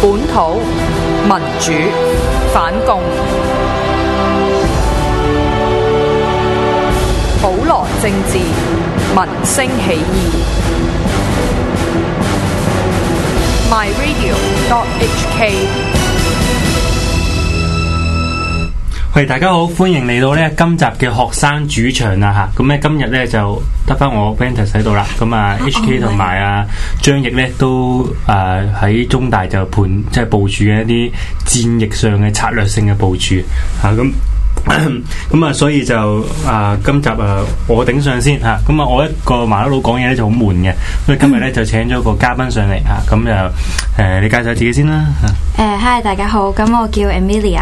本土民主反共，普羅政治民生起義。MyRadio.hk 喂，大家好，歡迎嚟到咧今集嘅學生主場啊吓，咁咧今日咧就得返我 Ventus 喺度啦，咁啊 HK 同埋啊張毅咧都誒喺、啊、中大就盤即係部署嘅一啲戰役上嘅策略性嘅部署啊，咁咁啊，啊所以就啊今集啊我頂上先吓，咁啊我一個麻甩佬講嘢咧就好悶嘅，所以今日咧就請咗個嘉賓上嚟啊，咁就誒你介紹自己先啦吓。啊誒，Hi，大家好。咁我叫 Emilia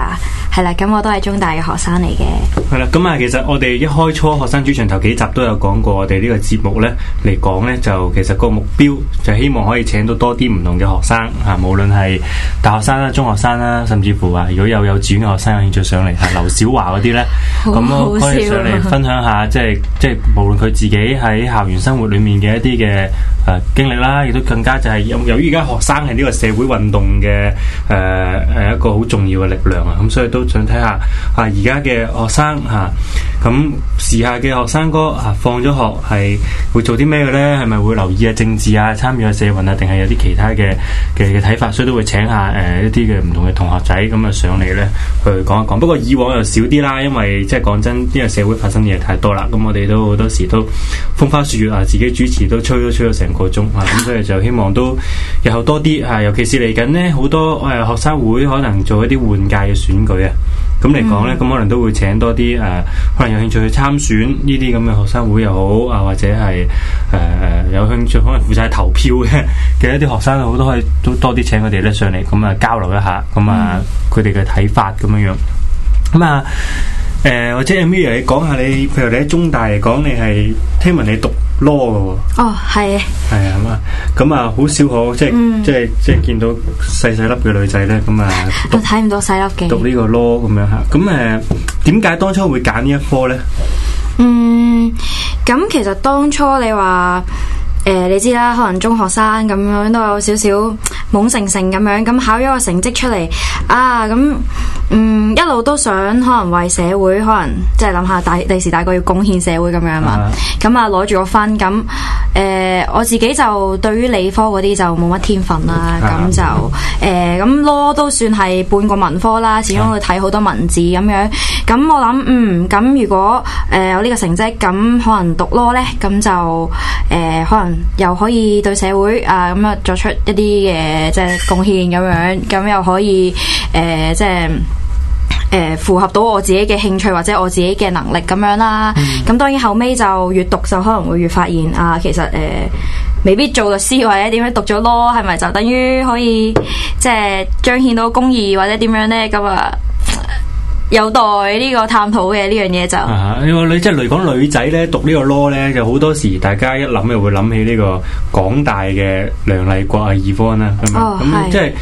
係啦。咁我都係中大嘅學生嚟嘅。係啦，咁啊，其實我哋一開初學生主場頭幾集都有講過我，我哋呢個節目呢，嚟講呢就其實個目標就希望可以請到多啲唔同嘅學生吓，無論係大學生啦、中學生啦，甚至乎啊，如果有幼稚園嘅學生有興趣上嚟，吓劉小華嗰啲呢。咁啊 可以上嚟分享下， 即係即係無論佢自己喺校園生活裏面嘅一啲嘅誒經歷啦，亦都更加就係、是、由由於而家學生係呢個社會運動嘅。誒係、呃、一個好重要嘅力量啊！咁所以都想睇下嚇而家嘅學生嚇，咁、啊啊、時下嘅學生哥嚇、啊、放咗學係會做啲咩嘅呢？係咪會留意下政治啊，參與下社運啊，定係有啲其他嘅嘅嘅睇法？所以都會請下誒、啊、一啲嘅唔同嘅同學仔咁啊上嚟呢，去講一講。不過以往又少啲啦，因為即係講真，因為社會發生嘢太多啦，咁我哋都好多時都風花雪月啊，自己主持都吹咗吹咗成個鐘啊，咁所以就希望都日後多啲嚇、啊，尤其是嚟緊呢好多。啊啊啊啊誒，學生會可能做一啲換屆嘅選舉啊，咁嚟講呢，咁、嗯、可能都會請多啲誒、呃，可能有興趣去參選呢啲咁嘅學生會又好啊，或者係誒、呃、有興趣可能負責投票嘅嘅一啲學生好，好都可以都多啲請佢哋咧上嚟，咁啊交流一下，咁啊佢哋嘅睇法咁樣樣，咁啊誒或者阿 Emilia？你講下你，譬如你喺中大嚟講，你係聽聞你讀。Law 嘅喎。哦，係、oh。係啊，咁啊，咁啊，好少可即係、嗯、即係即係見到細細粒嘅女仔咧，咁啊，我睇唔到細粒嘅，讀呢個 law 咁樣吓，咁誒，點解當初會揀呢一科咧？嗯，咁其實當初你話誒、呃，你知啦，可能中學生咁樣都有少少懵成成咁樣，咁考咗個成績出嚟啊，咁嗯。我都想可能為社會，可能即係諗下大第時大個要貢獻社會咁樣嘛。咁啊、uh，攞、huh. 住個分咁，誒、呃，我自己就對於理科嗰啲就冇乜天分啦。咁、uh huh. 就誒，咁、呃、咯都算係半個文科啦。始終會睇好多文字咁樣。咁我諗嗯，咁如果誒、呃、有呢個成績，咁可能讀咯呢，咁就誒、呃，可能又可以對社會啊咁啊作出一啲嘅、呃、即係貢獻咁樣，咁又可以誒、呃、即係。呃、符合到我自己嘅興趣或者我自己嘅能力咁樣啦、啊。咁、嗯、當然後尾就越讀就可能會越發現啊，其實誒、呃，未必做律師或者點樣讀咗 law，係咪就等於可以即係、就是、彰顯到公義或者點樣呢？咁啊。有待呢個探討嘅呢樣嘢就啊，你即係嚟講女仔咧讀個呢個 law 咧，就好多時大家一諗又會諗起呢個港大嘅梁麗幗啊、Yvonne 啦，咁啊，即係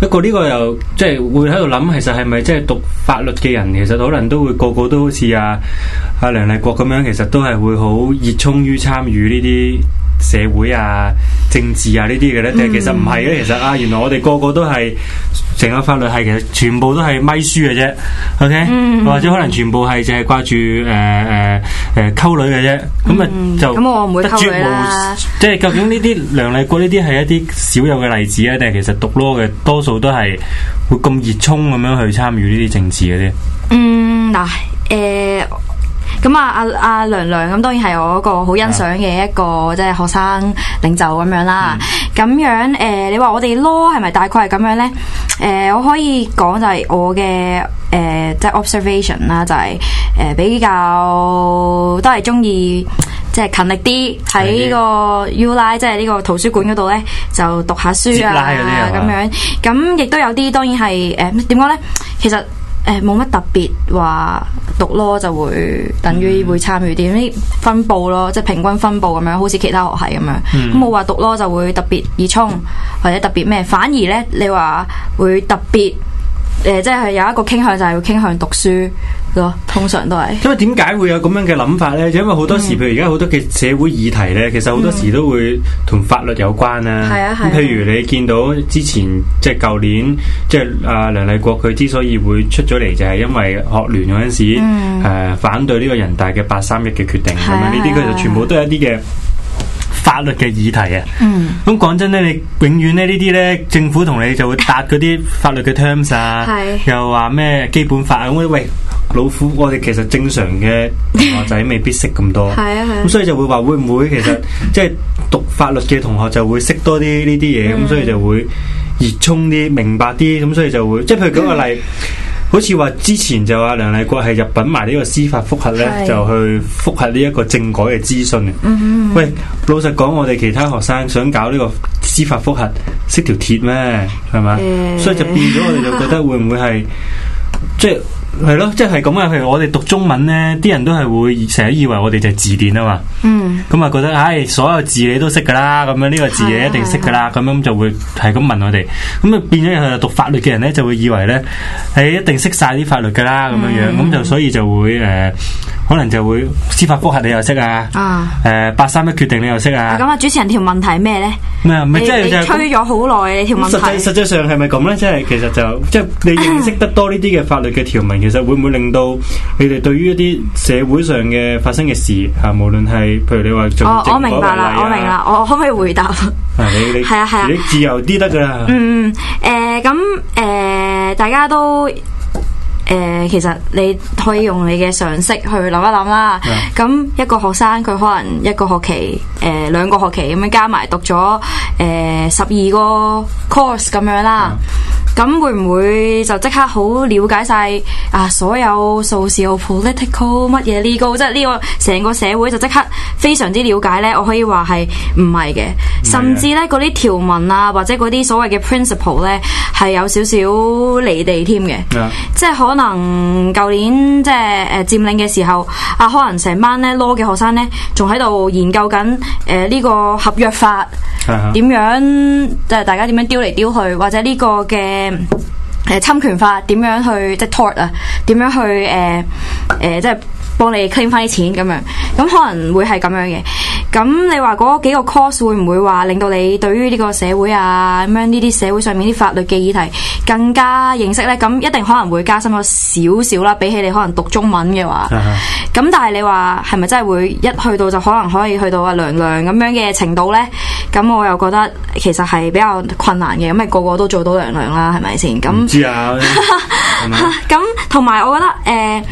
不過呢個又即係會喺度諗，其實係咪即係讀法律嘅人，其實可能都會個個都好似啊阿、啊、梁麗幗咁樣，其實都係會好熱衷於參與呢啲社會啊、政治啊呢啲嘅咧？但係其實唔係嘅，嗯、其實啊，原來我哋個個都係。成個法律系其實全部都係咪書嘅啫，OK、嗯、或者可能全部係、呃呃、就係掛住誒誒誒溝女嘅啫，咁啊就，即係究竟呢啲梁麗國呢啲係一啲少有嘅例子啊，定係其實讀 Law 嘅，多數都係會咁熱衷咁樣去參與呢啲政治嗰啲。嗯，嗱、呃，誒。咁啊，阿阿梁梁咁，當然係我一個好欣賞嘅一個、啊、即係學生領袖咁樣啦。咁、嗯、樣誒、呃，你話我哋咯係咪大概係咁樣咧？誒、呃，我可以講就係我嘅誒、呃，即係 observation 啦，就係、是、誒、呃、比較都係鍾意即係勤力啲，喺的個 U 拉即係呢個圖書館嗰度咧就讀下書啊咁樣。咁亦都有啲當然係誒點講咧？其實誒冇乜特別話。讀咯就會等於會參與啲、嗯、分布咯，即係平均分布咁樣，好似其他學系咁樣。咁冇話讀 Law 就會特別易衝或者特別咩，反而呢，你話會特別誒、呃，即係有一個傾向就係會傾向讀書。通常都係，因為點解會有咁樣嘅諗法呢？就因為好多時，嗯、譬如而家好多嘅社會議題呢，其實好多時都會同法律有關啦、啊。係啊係，咁譬如你見到之前即係舊年，即係阿梁麗幗佢之所以會出咗嚟，就係因為學聯嗰陣時誒、嗯、呃、反對呢個人大嘅八三一嘅決定咁、嗯、樣，呢啲佢就全部都係一啲嘅。法律嘅議題啊，咁講真咧，你永遠咧呢啲咧政府同你就會答嗰啲法律嘅 terms 啊，又話咩基本法咁喂，老虎我哋其實正常嘅同學仔未必識咁多，咁所以就會話會唔會其實即係讀法律嘅同學就會識多啲呢啲嘢，咁所以就會熱衷啲明白啲，咁所以就會即係譬如舉個例。好似話之前就話梁麗國係入稟埋呢個司法覆核咧，的就去覆核呢一個政改嘅諮詢嘅。嗯嗯，喂，老實講，我哋其他學生想搞呢個司法覆核，識條鐵咩？係咪？嗯、所以就變咗我哋就覺得會唔會係？ 即係咯，即係咁啊！譬如我哋讀中文呢，啲人都係會成日以為我哋就係字典啊嘛。嗯。咁啊，覺得唉、哎，所有字你都識噶啦，咁樣呢個字你一定識噶啦，咁的樣就會係咁問我哋。咁啊，變咗又讀法律嘅人呢，就會以為呢，你、哎、一定識晒啲法律噶啦，咁樣樣，咁就、嗯、所以就會誒。呃.可能就會司法覆核你，你又識啊？啊、呃！誒，八三一決定你又識啊？咁啊、嗯，主持人條問題咩咧？咩你？咪即係吹咗好耐？你條問題實際上係咪咁咧？即係、嗯嗯、其實就即係你認識得多呢啲嘅法律嘅條文，其實會唔會令到你哋對於一啲社會上嘅發生嘅事吓、啊，無論係譬如你話做政府為例啊。我明白啦，我明白，我明白，我可唔可以回答？你係啊係啊，你，你， 啊你自由啲得噶喇。 嗯嗯誒，咁、呃、誒、呃呃呃，大家都。誒、呃，其實你可以用你嘅常識去諗一諗啦。咁 Yeah.、嗯、一個學生佢可能一個學期，誒、呃、兩個學期咁樣加埋讀咗誒十二個 course 咁樣啦。Yeah. 咁會唔會就即刻好了解晒啊？所有 social、這個、political 乜嘢呢個即係呢個成個社會就即刻非常之了解咧？我可以話係唔係嘅，甚至咧啲條文啊，或者啲所謂嘅 principle 咧係有少少離地添嘅 Yeah.，即係可能舊年即係誒佔領嘅時候，啊可能成班咧 Law 嘅學生咧仲喺度研究緊誒呢個合約法點 Yeah. 樣，即係大家點樣丟嚟丟去，或者呢個嘅。誒，侵權法點樣去即係 talk 啊？點樣去誒，誒，即係。幫你 claim 翻啲錢咁樣，咁可能會係咁樣嘅。咁你話嗰幾個 course 會唔會話令到你對於呢個社會啊咁樣呢啲社會上面啲法律嘅議題更加認識呢？咁一定可能會加深咗少少啦。比起你可能讀中文嘅話，咁、啊、但係你話係咪真係會一去到就可能可以去到阿娘娘咁樣嘅程度呢？咁我又覺得其實係比較困難嘅。咁咪個個都做到娘娘啦，係咪先？咁知同埋、啊、 我覺得誒。呃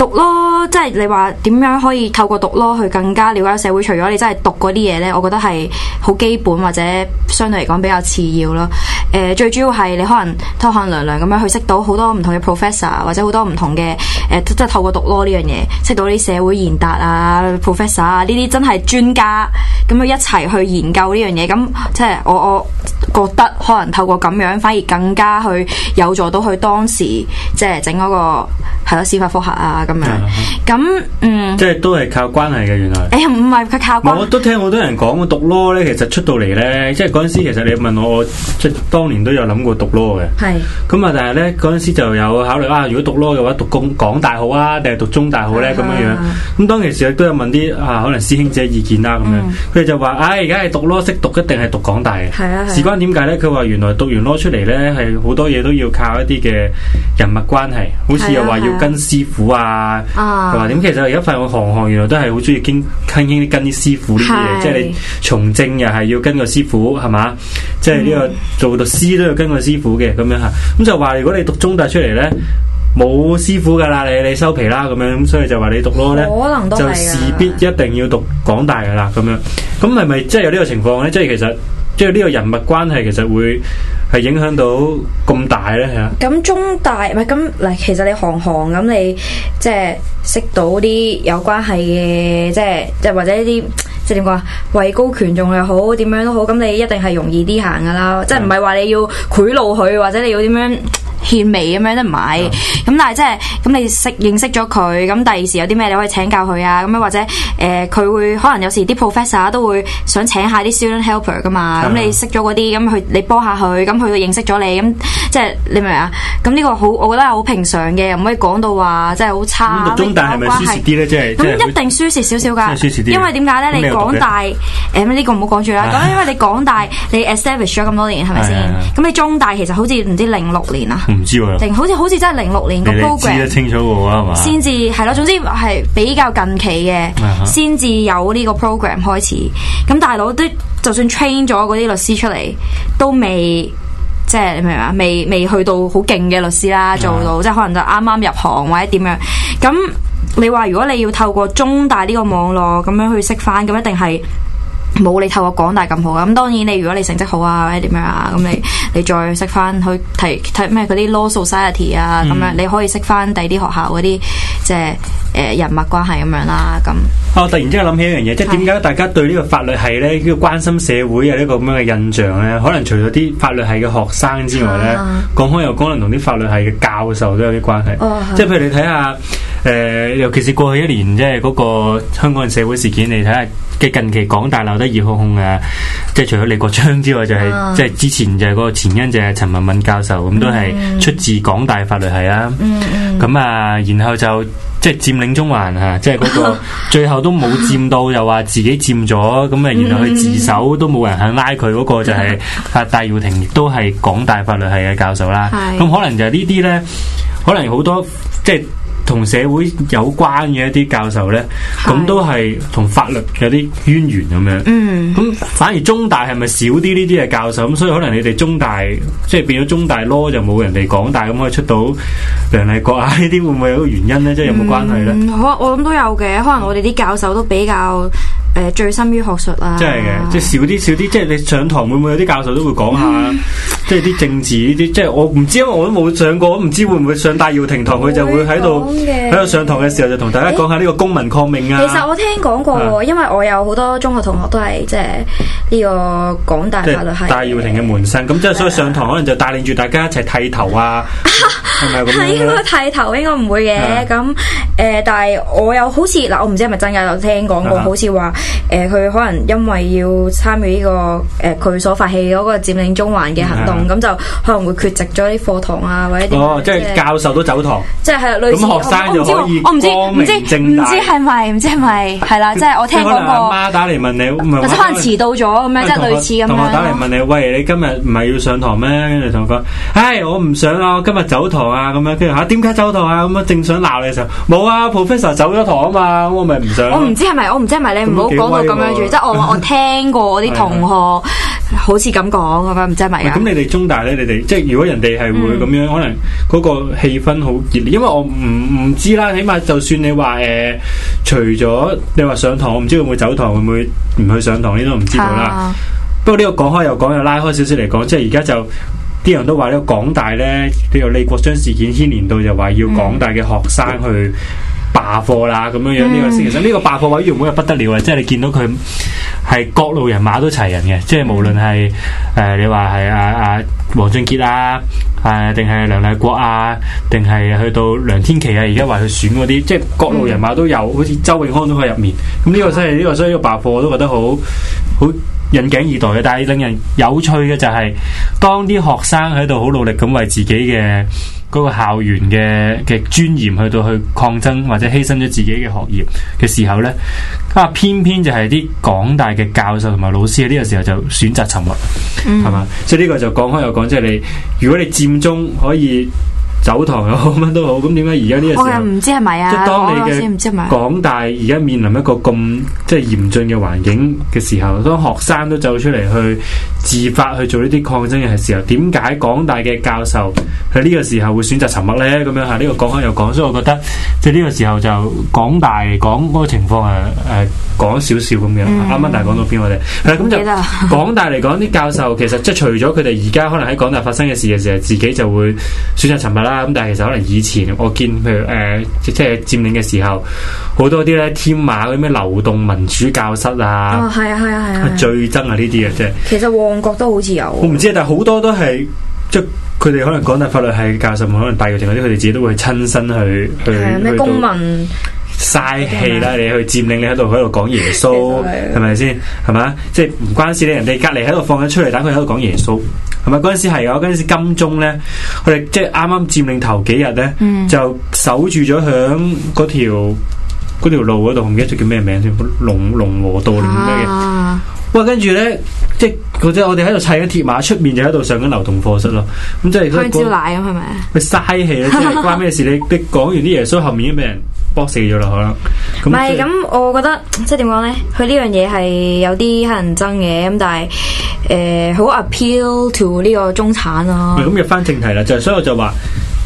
讀咯，即係你話點樣可以透過讀咯去更加了解社會？除咗你真係讀嗰啲嘢呢，我覺得係好基本或者相對嚟講比較次要咯。誒、呃，最主要係你可能偷看娘娘，咁樣去識到好多唔同嘅 professor 或者好多唔同嘅誒、呃，即係透過讀咯呢樣嘢，識到啲社會賢達啊 professor 啊呢啲真係專家咁樣一齊去研究呢樣嘢。咁即係我我覺得可能透過咁樣反而更加去有助到佢當時即係整嗰個咯司法復核啊。咁啊，咁嗯，嗯即係都係靠關係嘅，原來。哎唔係佢靠。我都聽好多人講，我讀 law 咧，其實出到嚟咧，即係嗰陣時，其實你問我，我當年都有諗過讀 law 嘅。係是。咁啊，但係咧嗰陣時就有考慮啊，如果讀 law 嘅話，讀港港大好啊，定係讀中大好咧？咁、啊、樣。咁、嗯、當其時亦都有問啲啊，可能師兄姐意見啦、啊、咁樣。佢哋、嗯、就話，唉、哎，而家係讀 law 識讀一定係讀港大嘅。係啊，啊。事關點解咧？佢話原來讀完 law 出嚟咧，係好多嘢都要靠一啲嘅人脈關係，好似又話要跟師傅啊。啊，係嘛？咁其實而家發現我行行，原來都係好中意傾傾啲跟啲師傅呢啲嘢，是即係你從政又係要跟個師傅，係嘛？即係呢、這個、嗯、做律師都要跟個師傅嘅咁樣吓。咁就話如果你讀中大出嚟咧，冇師傅噶啦，你你收皮啦咁樣。咁所以就話你讀咯咧，可能就勢必一定要讀港大噶啦咁樣。咁係咪即係有呢個情況咧？即係其實即係呢個人脈關係，其實會。係影響到咁大咧？係啊！咁中大唔係咁嗱。其實你行行咁你即係識到啲有關係嘅，即係即係或者一啲即係點講啊？位高權重又好，點樣都好，咁你一定係容易啲行噶啦！嗯、即係唔係話你要賄賂佢，或者你要點樣？獻媚咁樣都唔係，咁、嗯、但係即係咁你識認識咗佢，咁第二時有啲咩你可以請教佢啊，咁樣或者誒佢、呃、會可能有時啲 professor 都會想請下啲 student helper 噶嘛，咁、嗯、你識咗嗰啲，咁佢你幫下佢，咁佢就認識咗你，咁即係你明唔明啊？咁呢個好，我覺得係好平常嘅，又唔可以講到話即係好差。咁讀中大關係咪舒適啲咧？即係即一定舒適少少㗎，因為點解咧？你港大誒呢、哎呢個唔好講住啦，咁、哎、呀因為你港大你 establish 咗咁多年係咪先？咁、哎、呀你中大其實好似唔知零六年啊。唔知喎、啊，定好似好似真係零六年個 program，記得清楚喎，係嘛？先至係咯，總之係比較近期嘅，先至 有呢個 program 開始。咁大佬都就算 train 咗嗰啲律師出嚟，都未即係你明唔明啊？未未去到好勁嘅律師啦，做到 即係可能就啱啱入行或者點樣。咁你話如果你要透過中大呢個網絡咁樣去識翻，咁一定係。冇你透過廣大咁好，咁當然你如果你成績好啊，或者點樣啊，咁你你再識翻去睇睇咩嗰啲 law society 啊，咁、嗯、樣你可以識翻第二啲學校嗰啲即係誒人脈關係咁樣啦，咁啊、哦、突然之間諗起一樣嘢，的即係點解大家對呢個法律系咧呢、呢個關心社會啊呢個咁樣嘅印象咧，可能除咗啲法律系嘅學生之外咧，講開又可能同啲法律系嘅教授都有啲關係，哦、即係譬如你睇下。誒、呃，尤其是過去一年，即係嗰個香港社會事件，你睇下，即近期港大鬧得熱烘烘嘅，即係除咗李國章之外、就是，就係即係之前就係嗰個前因就係陳文敏教授，咁都係出自港大法律系啊。咁、嗯嗯嗯、啊，然後就即係、就是、佔領中環啊，即係嗰個最後都冇佔到，又話 自己佔咗，咁啊，然後去自首都冇人肯拉佢嗰、那個就係、是、阿、嗯嗯嗯啊、戴耀廷，亦都係港大法律系嘅教授啦。咁、嗯嗯嗯、可能就係呢啲咧，可能好多即係。即同社會有關嘅一啲教授呢，咁都係同法律有啲淵源咁樣。嗯，咁反而中大係咪少啲呢啲嘅教授咁？所以可能你哋中大即係變咗中大囉就冇人哋港大咁可以出到梁麗國啊呢啲，會唔會有個原因呢？即係有冇關係呢？嗯，好啊，我諗都有嘅，可能我哋啲教授都比較。誒，醉心於學術啦，即係嘅，即係少啲少啲，即係你上堂會唔會有啲教授都會講下、嗯，即係啲政治呢啲，即係我唔知，因為我都冇上過，唔知會唔會上戴耀廷堂，佢、嗯、就會喺度喺度上堂嘅時候就同大家講下呢個公民抗命啊。其實我聽講過，啊、因為我有好多中學同學都係即係、這、呢個、這個、港大法律系戴耀廷嘅門生，咁即係所以上堂可能就帶領住大家一齊剃頭啊，係咪、啊？咁係 應該剃頭應該唔會嘅，咁誒、啊呃，但係我又好似嗱，我唔知係咪真嘅，我聽講過，啊、好似話。誒，佢可能因為要參與呢個誒，佢所發起嗰個佔領中環嘅行動，咁就可能會缺席咗啲課堂啊，或者啲哦，即係教授都走堂，即係係類似咁，學生又可以光明正大，我唔知，唔知係咪，唔知係咪，係啦，即係我聽嗰個阿媽打嚟，問你，唔係，可能遲到咗咁樣，即係類似咁樣。同學打嚟問你，喂，你今日唔係要上堂咩？跟住同佢，唉，我唔上啊，我今日走堂啊，咁樣跟住啊，點解走堂啊？咁啊，正想鬧你嘅時候，冇啊，professor 走咗堂啊嘛，我咪唔上。我唔知係咪，我唔知係咪你唔好。講到咁樣住， 即係我 我聽過啲同學好似咁講咁樣，唔知係咪咁，你哋中大咧，你哋即係如果人哋係會咁樣，嗯、可能嗰個氣氛好熱烈。因為我唔唔知啦，起碼就算你話誒、呃，除咗你話上堂，我唔知會唔會走堂，會唔會唔去上堂，呢都唔知道啦。啊、不過呢個講開又講又拉開少少嚟講，即係而家就啲人都話呢個港大咧，譬如李國章事件牽連到，就話要港大嘅學生去。嗯嗯罷課啦，咁樣樣呢、嗯、個先，其實呢個罷課委員會係不得了啊！即係你見到佢係各路人馬都齊人嘅，即係無論係誒、呃、你話係啊啊黃俊傑啊，誒、啊、定係梁麗國啊，定係去到梁天琦啊，而家話去選嗰啲，嗯、即係各路人馬都有，好似周永康都喺入面。咁、嗯、呢、這個真係呢個所以、這個罷課我都覺得好好。引頸以待嘅，但係令人有趣嘅就係、是，當啲學生喺度好努力咁為自己嘅嗰個校園嘅嘅尊嚴去到去抗爭，或者犧牲咗自己嘅學業嘅時候呢，啊，偏偏就係啲廣大嘅教授同埋老師喺呢個時候就選擇沉默，係嘛、嗯？所以呢個就講開又講，即係你，如果你佔中可以。走堂又好乜都好，咁點解而家呢個時候？我又唔知係咪啊！我當時唔知係咪。港大而家面臨一個咁即係嚴峻嘅環境嘅時候，當學生都走出嚟去自發去做呢啲抗爭嘅時候，點解港大嘅教授喺呢個時候會選擇沉默咧？咁樣嚇，呢個講開又講，所以我覺得即係呢個時候就港大講嗰個情況誒、啊、誒。啊講少少咁樣，啱啱大係講到邊我哋，咁就港大嚟講啲教授，其實即係除咗佢哋而家可能喺港大發生嘅事嘅時候，自己就會選擇沉默啦。咁但係其實可能以前，我見譬如誒、呃，即係佔領嘅時候，好多啲咧，添馬嗰啲咩流動民主教室啊，係啊係啊係啊，最、啊啊啊、憎啊呢啲嘅啫。其實旺角都好似有，我唔知但係好多都係即係佢哋可能港大法律系教授，可能大嘅程度啲，佢哋自己都會親身去、嗯、去咩公民去。去都 嘥氣啦！你去佔領，你喺度喺度講耶穌，係咪先？係咪啊？即係唔關事咧。人哋隔籬喺度放緊出嚟，等佢喺度講耶穌，係咪？嗰陣時係啊，嗰陣時金鐘咧，佢哋即係啱啱佔領頭幾日咧，嗯、就守住咗響嗰條嗰條路嗰度，唔記得咗叫咩名添，龍龍和道定咩嘅？哇！跟住咧，即係。即係我哋喺度砌緊鐵馬，出面就喺度上緊流動課室咯。咁即係開蕉奶咁係咪啊？佢嘥氣啊，即係、那個、關咩事咧？你講完啲耶穌，後面已經俾人駁死咗啦，可能。唔係咁，是我覺得即係點講咧？佢呢樣嘢係有啲乞人憎嘅，咁、呃、但係誒好 appeal to 呢個中產咯、啊。咁入翻正題啦，就所以我就話，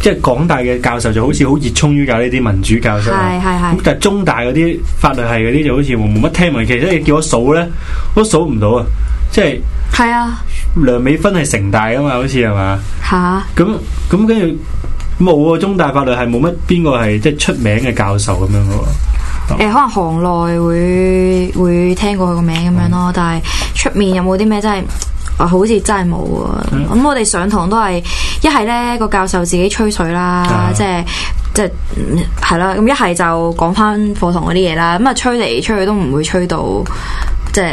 即係港大嘅教授就好似好熱衷於教呢啲民主教授。咁但係中大嗰啲法律系嗰啲就好似冇乜聽聞。其實你叫我數咧，我都數唔到啊！即係。係啊，梁美芬係城大啊嘛，好似係嘛。吓，咁咁跟住冇啊，中大法律系冇乜邊個係即係出名嘅教授咁樣咯。誒、呃，可能行內會會聽過佢個名咁樣咯，嗯、但係出面有冇啲咩真係、呃、好似真係冇啊？咁我哋上堂都係一係咧個教授自己吹水啦，啊、即係即係係、嗯、啦，咁一係就講翻課堂嗰啲嘢啦，咁啊吹嚟吹去都唔會吹到即係。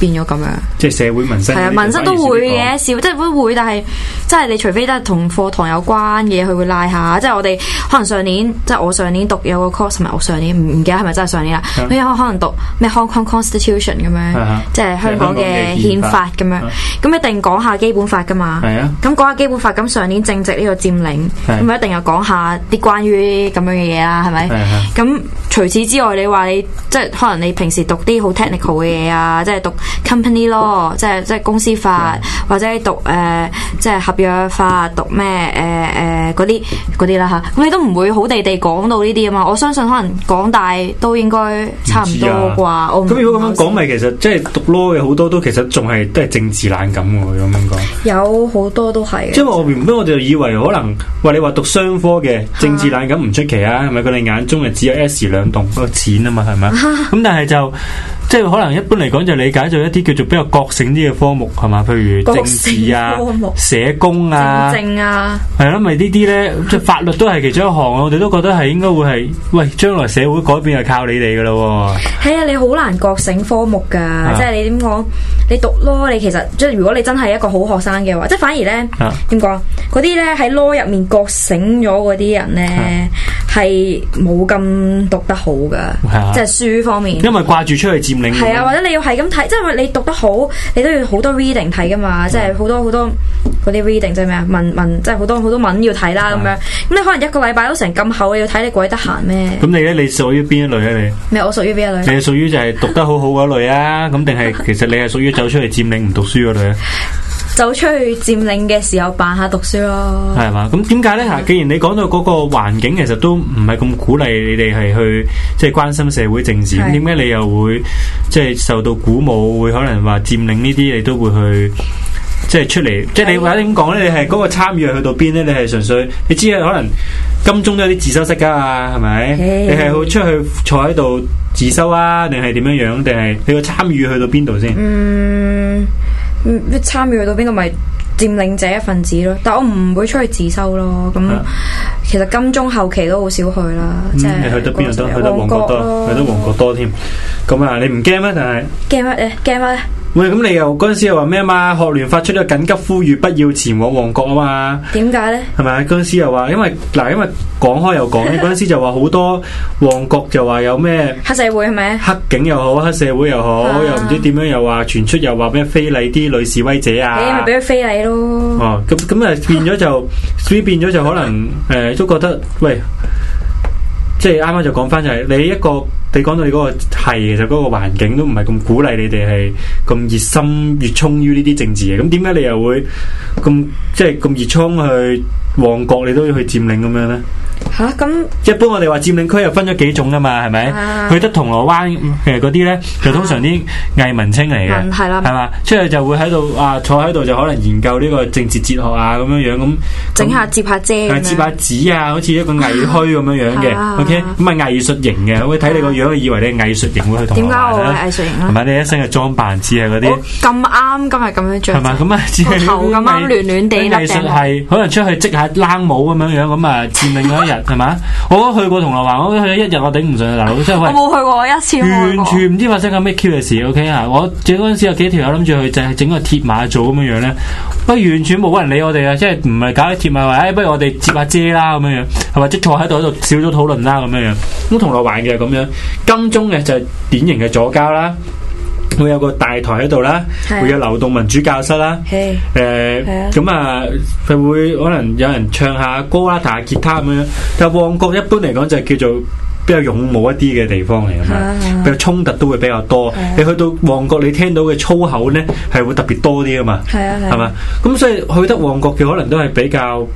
變咗咁樣，即係社會民生係啊，民生都會嘅事、哦，即係都會，但係即係你除非都係同課堂有關嘅佢會拉下。即係我哋可能上年，即、就、係、是、我上年讀有個 course，同埋我上年唔唔記得係咪真係上年啦。因是、啊、可能讀咩 Hong Kong Constitution 咁樣、啊即啊，即係香港嘅憲法咁樣，咁、啊、一定講下基本法噶嘛。係是啊，咁講下基本法。咁上年正值呢個佔領，咁是、啊、一定又講下啲關於咁樣嘅嘢啦，係咪？咁、啊啊啊、除此之外，你話你即係可能你平時讀啲好 technical 嘅嘢啊，即係讀。Company 咯，即係即係公司法，或者讀誒、呃，即係合約法，讀咩誒誒嗰啲嗰啲啦吓，咁、呃呃、你都唔會好地地講到呢啲啊嘛，我相信可能港大都應該差唔多啩。咁、啊、如果咁樣講，咪其實、啊、即係讀 law 嘅好、啊、多都其實仲係都係政治冷感嘅咁樣講，講有好多都係。即係我原本我就以為可能，話你話讀商科嘅政治冷感唔出奇啊，係咪？佢哋眼中係只有 S 時兩動嗰個錢啊嘛，係咪、啊？咁但係就。即係可能一般嚟講就理解做一啲叫做比較覺醒啲嘅科目係嘛，譬如政治啊、社工啊、行政啊、係啦，咪呢啲咧，即係法律都係其中一項。我哋都覺得係應該會係，喂，將來社會改變係靠你哋噶啦。係啊，你好難覺醒科目噶，即係你點講，你讀 law 你其實即係如果你真係一個好學生嘅話，即係反而咧點講，嗰啲咧喺 law 入面覺醒咗嗰啲人咧，係冇咁讀得好噶，即係書方面，因為掛住出去。係啊，或者你要係咁睇，即係你讀得好，你都要好多 reading 睇噶嘛，的即係好多好多嗰啲 reading，即係咩啊？文文即係好多好多文要睇啦咁樣。咁你可能一個禮拜都成咁厚要睇，你鬼得閒咩？咁你咧，你屬於邊一類咧，啊？你咩？我屬於邊一類？你屬於就係讀得好好嗰一類啊？咁定係其實你係屬於走出嚟佔領唔讀書嗰類，啊？ 走出去佔領嘅時候，扮下讀書咯。係嘛？咁點解咧？吓，既然你講到嗰個環境，其實都唔係咁鼓勵你哋係去，即係關心社會政治。咁點解你又會即係受到鼓舞，會可能話佔領呢啲，你都會去即係出嚟？即係你話點講咧？你係嗰個參與去到邊咧？你係純粹？你知啊，可能金鐘都有啲自修室噶嘛，係咪？你係會出去坐喺度自修啊，定係點樣樣？定係你個參與去到邊度先？嗯。唔，一參與去到邊度咪佔領者一份子咯。但係我唔會出去自修咯。咁、啊、其實金鐘後期都好少去啦，嗯、即係是去到邊度都去到旺角多，多啊、去到旺角多添。咁啊，你唔驚咩？但係驚乜咧？驚乜咧？喂，咁你又嗰陣時又話咩嘛？學聯發出咗緊急呼籲，不要前往旺角啊嘛。點解咧？係咪嗰陣時又話，因為嗱，因為講開又講，嗰陣時就話好多旺角就話有咩黑社會係咪啊？黑警又好，黑社會又好，又唔知點樣又話傳出又話咩非禮啲女示威者啊？你咪俾佢非禮咯。哦，咁咁啊變咗就所以變咗就可能誒都覺得喂。即係啱啱就講翻就係你一個，你講到你嗰、那個係其實嗰個環境都唔係咁鼓勵你哋係咁熱心、熱衷於呢啲政治嘅，咁點解你又會咁即係咁熱衷去？旺角你都要去佔領咁樣咧？吓，咁一般我哋話佔領區又分咗幾種噶嘛，係咪？佢得銅鑼灣其實嗰啲咧就通常啲藝文青嚟嘅，係啦，係嘛？出去就會喺度啊坐喺度就可能研究呢個政治哲學啊咁樣樣咁整下接下遮，接下紙啊，好似一個藝墟咁樣樣嘅。O K，咁啊藝術型嘅，會睇你個樣就以為你係藝術型會去銅鑼灣啦。點解藝術型同埋你一身嘅裝扮似啊嗰啲？咁啱今日咁樣着，係嘛？咁啊頭咁啱，暖暖地啦藝術系可能出去即係。冷帽咁樣樣咁啊，佔領咗一日係咪？我都去過銅鑼灣，我去咗一日，我頂唔順啊！大佬，即係我冇去過一次過，完全唔知發生緊咩 Q 嘅事。OK 啊，我嗰陣時有幾條友諗住去，就係整個鐵馬做咁樣樣咧，不過完全冇人理我哋啊！即係唔係搞啲鐵馬話，哎，不如我哋接下遮啦咁樣樣，係或者坐喺度喺度小組討論啦咁樣樣。咁銅鑼灣嘅咁樣，金鐘嘅就係典型嘅左膠啦。會有個大台喺度啦，會有流動民主教室啦，誒，咁啊，佢會可能有人唱下歌啦，彈下吉他咁樣。但旺角一般嚟講就係叫做比較勇武一啲嘅地方嚟啊嘛，比較衝突都會比較多。你去到旺角，你聽到嘅粗口呢係會特別多啲啊嘛，係嘛？咁所以去得旺角嘅可能都係比較。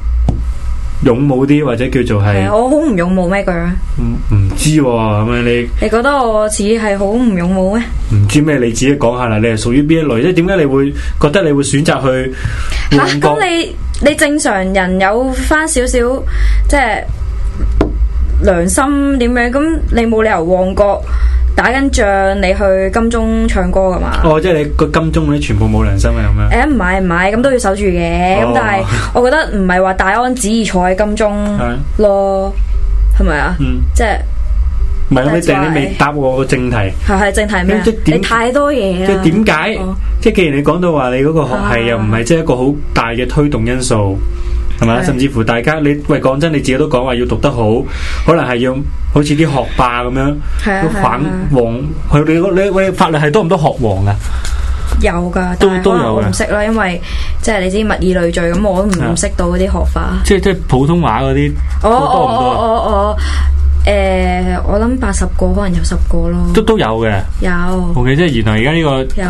勇武啲或者叫做係，我好唔勇武咩句啊？唔唔知咁樣你 你覺得我似係好唔勇武咩？唔知咩？你自己講下啦，你係屬於邊一類？即係點解你會覺得你會選擇去旺角？咁、啊、你你正常人有翻少少即係良心點樣？咁你冇理由旺角。打緊仗，你去金鐘唱歌噶嘛？哦，即係你個金鐘嗰啲全部冇良心啊咁樣。誒，唔係唔係，咁都要守住嘅。咁但係，我覺得唔係話大安旨意坐喺金鐘咯，係咪啊？嗯，即係。唔係啊！你哋你未答我個正題。係係正題咩啊？你太多嘢啦。即係點解？即係既然你講到話你嗰個學系又唔係即係一個好大嘅推動因素。係嘛？甚至乎大家你喂講真，你自己都講話要讀得好，可能係要好似啲學霸咁樣，啊、都反黃。佢、啊、你你喂法律系多唔多學王噶？有噶，都有㗎，我唔識啦，因為即係你知物以類聚，咁我都唔識到啲學霸、啊，即即普通話嗰啲，oh, 多唔多？Oh, oh, oh, oh, oh, oh. 誒、欸,我諗八十個可能有十個咯，都都有嘅。有，O K，即係原來而家呢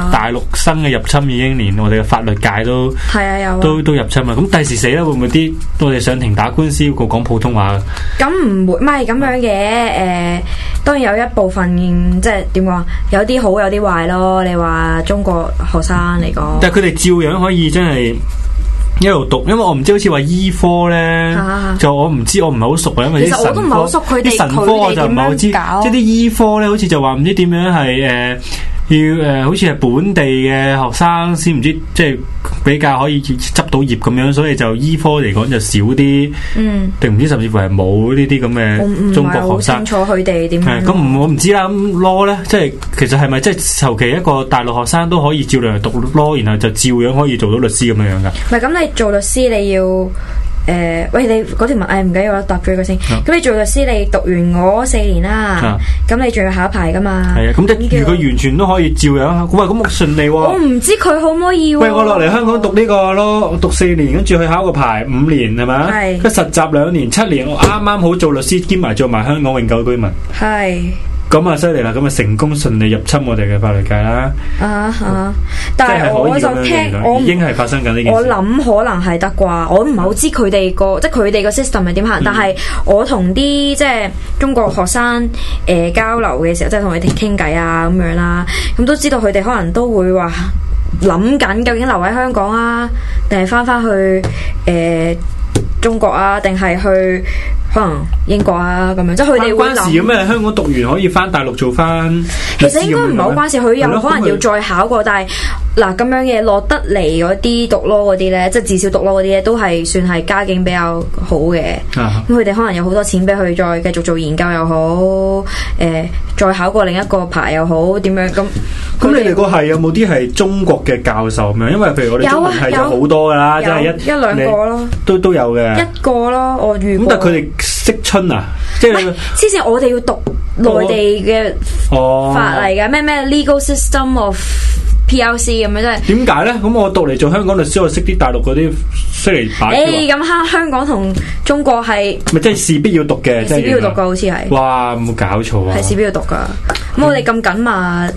個大陸生嘅入侵已經連我哋嘅法律界都係啊，有，都都入侵啊！咁第時死啦，會唔會啲我哋上庭打官司個講普通話？咁唔會，唔係咁樣嘅，誒的，當然，呃、有一部分即係點講，有啲好有啲壞咯。你話中國學生嚟講，嗯，但係佢哋照樣可以真係。嗯一路讀，因為我唔知好似話醫科咧，啊、就我唔知我唔係好熟啊，因為啲神科啲神科我就唔係好知，即係啲醫科咧，好似就話唔知點樣係誒。Uh, 要誒、呃，好似係本地嘅學生先唔知，即係比較可以執到業咁樣，所以就醫科嚟講就少啲，定唔、嗯、知甚至乎係冇呢啲咁嘅中國學生。唔不、啊、好清楚佢哋點。咁唔我唔知啦。咁 law 咧，即係其實係咪即係求其一個大陸學生都可以照樣讀 law 然後就照樣可以做到律師咁樣噶？唔係咁，你做律師你要。誒、呃，喂，你嗰條問，誒唔緊要，我答咗呢個先。咁、啊、你做律師，你讀完我四年啦，咁、啊、你仲要考牌噶嘛？係啊，咁即如果完全都可以照樣，咁啊咁好順利喎、哦啊。我唔知佢可唔可以、哦、喂，我落嚟香港讀呢個咯，我讀四年，跟住去考個牌，五年係咪？係。跟住實習兩年，七年，我啱啱好做律師兼埋做埋香港永久居民。係。咁啊，犀利啦！咁啊，成功順利入侵我哋嘅法律界啦。啊哈！但係我就聽，已經係發生緊呢件。我諗可能係得啩，我唔係好知佢哋個即係佢哋個 system 係點行。但係我同啲即係中國學生誒交流嘅時候，即係同佢哋傾偈啊咁樣啦。咁都知道佢哋可能都會話諗緊，究竟留喺香港啊，定係返返去誒中國啊，定係去？可能英國啊咁樣，即係佢哋會諗咩，關關事香港讀完可以翻大陸做翻。其實應該唔係好關事，佢又可能要再考過，但係。嗱咁樣嘅落得嚟嗰啲讀 Law 嗰啲咧，即係至少讀 Law 嗰啲咧，都係算係家境比較好嘅。咁佢哋可能有好多錢俾佢再繼續做研究又好，誒、呃、再考過另一個牌又好點樣咁。咁你哋個係有冇啲係中國嘅教授咁樣？因為譬如我哋有啊，有好多噶啦，有即係一一兩個咯，都都有嘅一個咯，我遇。咁但佢哋識春啊，即係之前我哋要讀內地嘅法例嘅咩咩 legal system of。PLC 咁樣真係點解咧？咁我讀嚟做香港律師，我識啲大陸嗰啲識嚟擺。誒咁，香、欸、香港同中國係咪即係事必要讀嘅？事必要讀噶，好似係。哇！冇搞錯啊！係事必要讀噶，咁我哋咁緊密，嗯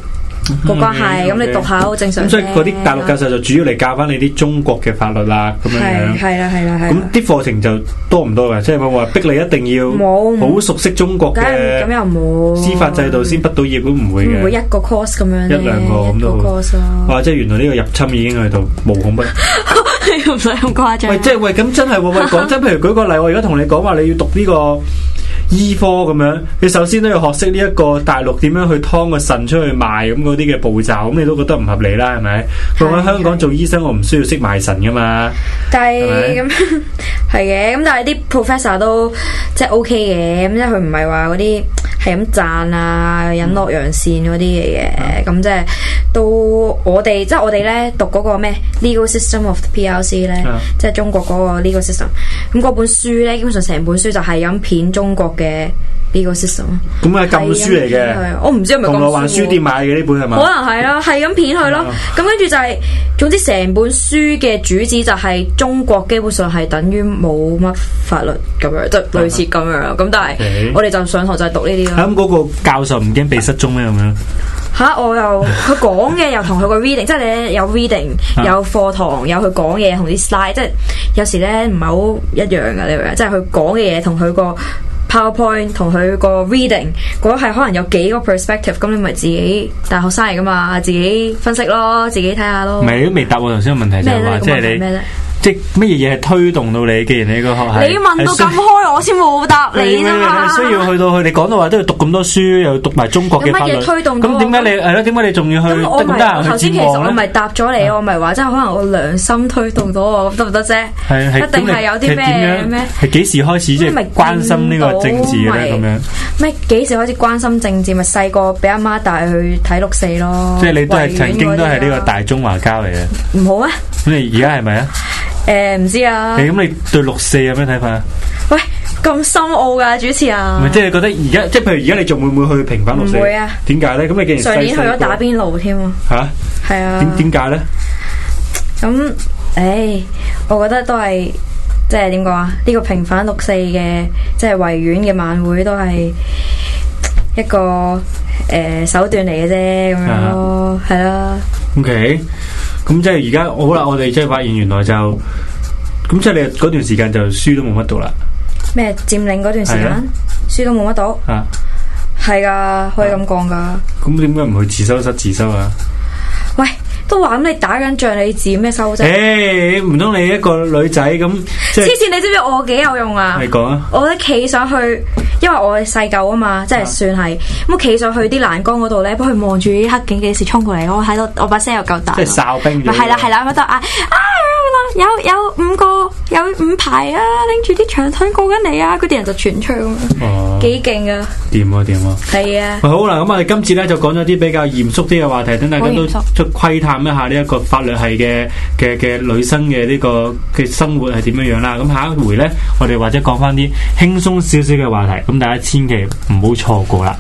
個關係，咁你讀下好正常。咁所以嗰啲大陸教授就主要嚟教翻你啲中國嘅法律啦，咁樣樣。係，係啦，係啦，係啦。咁啲課程就多唔多啊？即係我話逼你一定要，冇，好熟悉中國嘅。咁又冇。司法制度先畢到業都唔會嘅。會一個 course 咁樣。一兩個咁都。一個 course。哇！即係原來呢個入侵已經喺度，無孔不。你唔使咁誇張。喂，即係喂，咁真係喂，講真，譬如舉個例，我而家同你講話，你要讀呢個。醫科咁樣，你首先都要學識呢一個大陸點樣去劏個腎出去賣，咁嗰啲嘅步驟，咁你都覺得唔合理啦，係咪？我喺 香港做醫生，我唔需要識賣腎㗎嘛。但係咁係嘅，咁 但係啲 professor 都即係 OK 嘅，咁即係佢唔係話嗰啲。係咁讚啊，引洛陽扇嗰啲嘢嘅，咁、嗯、即係都我哋即係我哋咧讀嗰個咩 legal system of PRC 咧，嗯、即係中國嗰個 legal system，咁嗰本書咧，基本上成本書就係咁片中國嘅。呢個 system 咁啊，禁書嚟嘅，我唔知係咪銅鑼灣書店買嘅呢本係咪？可能係咯，係咁片佢咯。咁跟住就係，總之成本書嘅主旨就係中國基本上係等於冇乜法律咁樣，即係類似咁樣。咁但係我哋就上堂就係讀呢啲咯。咁嗰個教授唔驚被失蹤咩？咁樣吓，我又佢講嘅又同佢個 reading，即係你有 reading 有課堂有佢講嘢同啲 slide，即係有時咧唔係好一樣㗎，你明唔明？即係佢講嘅嘢同佢個。PowerPoint 同佢個 reading，嗰係可能有幾個 perspective，咁你咪自己大學生嚟㗎嘛，自己分析咯，自己睇下咯。未未答我頭先個問題就係話，即係你。即係咩嘢嘢係推動到你？既然你個學系，你問到咁開，我先冇答你啫嘛。需要去到佢，你講到話都要讀咁多書，又讀埋中國嘅法律。乜嘢推動到你？咁點解你係咯？點解你仲要去咁多？頭先其實我咪答咗你，我咪話即係可能我良心推動到我，得唔得啫？係係。一定係有啲咩咩？係幾時開始即係關心呢個政治咧？咁樣咩？幾時開始關心政治？咪細個俾阿媽帶去睇六四咯。即係你都係曾經都係呢個大中華膠嚟嘅。唔好啊！咁你而家係咪啊？誒，唔知啊。咁你對六四有咩睇法啊？喂，咁深奧噶，主持啊？唔係，即係覺得而家，即係譬如而家，你仲會唔會去平反六四？唔會啊。點解咧？咁你竟然上年去咗打邊爐添啊？吓？係啊。點點解咧？咁，唉，我覺得都係，即係點講啊？呢個平反六四嘅，即係維園嘅晚會，都係一個誒手段嚟嘅啫，咁樣咯，係啦。OK。咁即係而家好啦，我哋即係發現原來就，咁即係你嗰段時間就書都冇乜讀啦。咩佔領嗰段時間，書都冇乜讀。啊，係噶、啊，可以咁講噶。咁點解唔去自修室自修啊？喂，都話咁你打緊仗，你自咩修啫？誒、欸，唔通你一個女仔咁？黐線，你知唔知我幾有用啊？你講啊！我咧企上去。因為我係細狗啊嘛，即係算係咁企上去啲欄杆嗰度咧，幫佢望住啲黑警幾時衝過嚟，我喺度，我把聲又夠大，即係哨兵，咪係啦係啦，我都啊啊！嗯、有有五個有五排啊，拎住啲長腿過緊你啊！嗰啲人就全唱，幾勁、哦、啊！掂啊掂啊，係啊！好啦，咁我哋今次咧就講咗啲比較嚴肅啲嘅話題，等大家都去窺探一下呢一個法律系嘅嘅嘅女生嘅呢、呢個嘅生活係點樣樣啦。咁下一回咧，我哋或者講翻啲輕鬆少少嘅話題，咁大家千祈唔好錯過啦。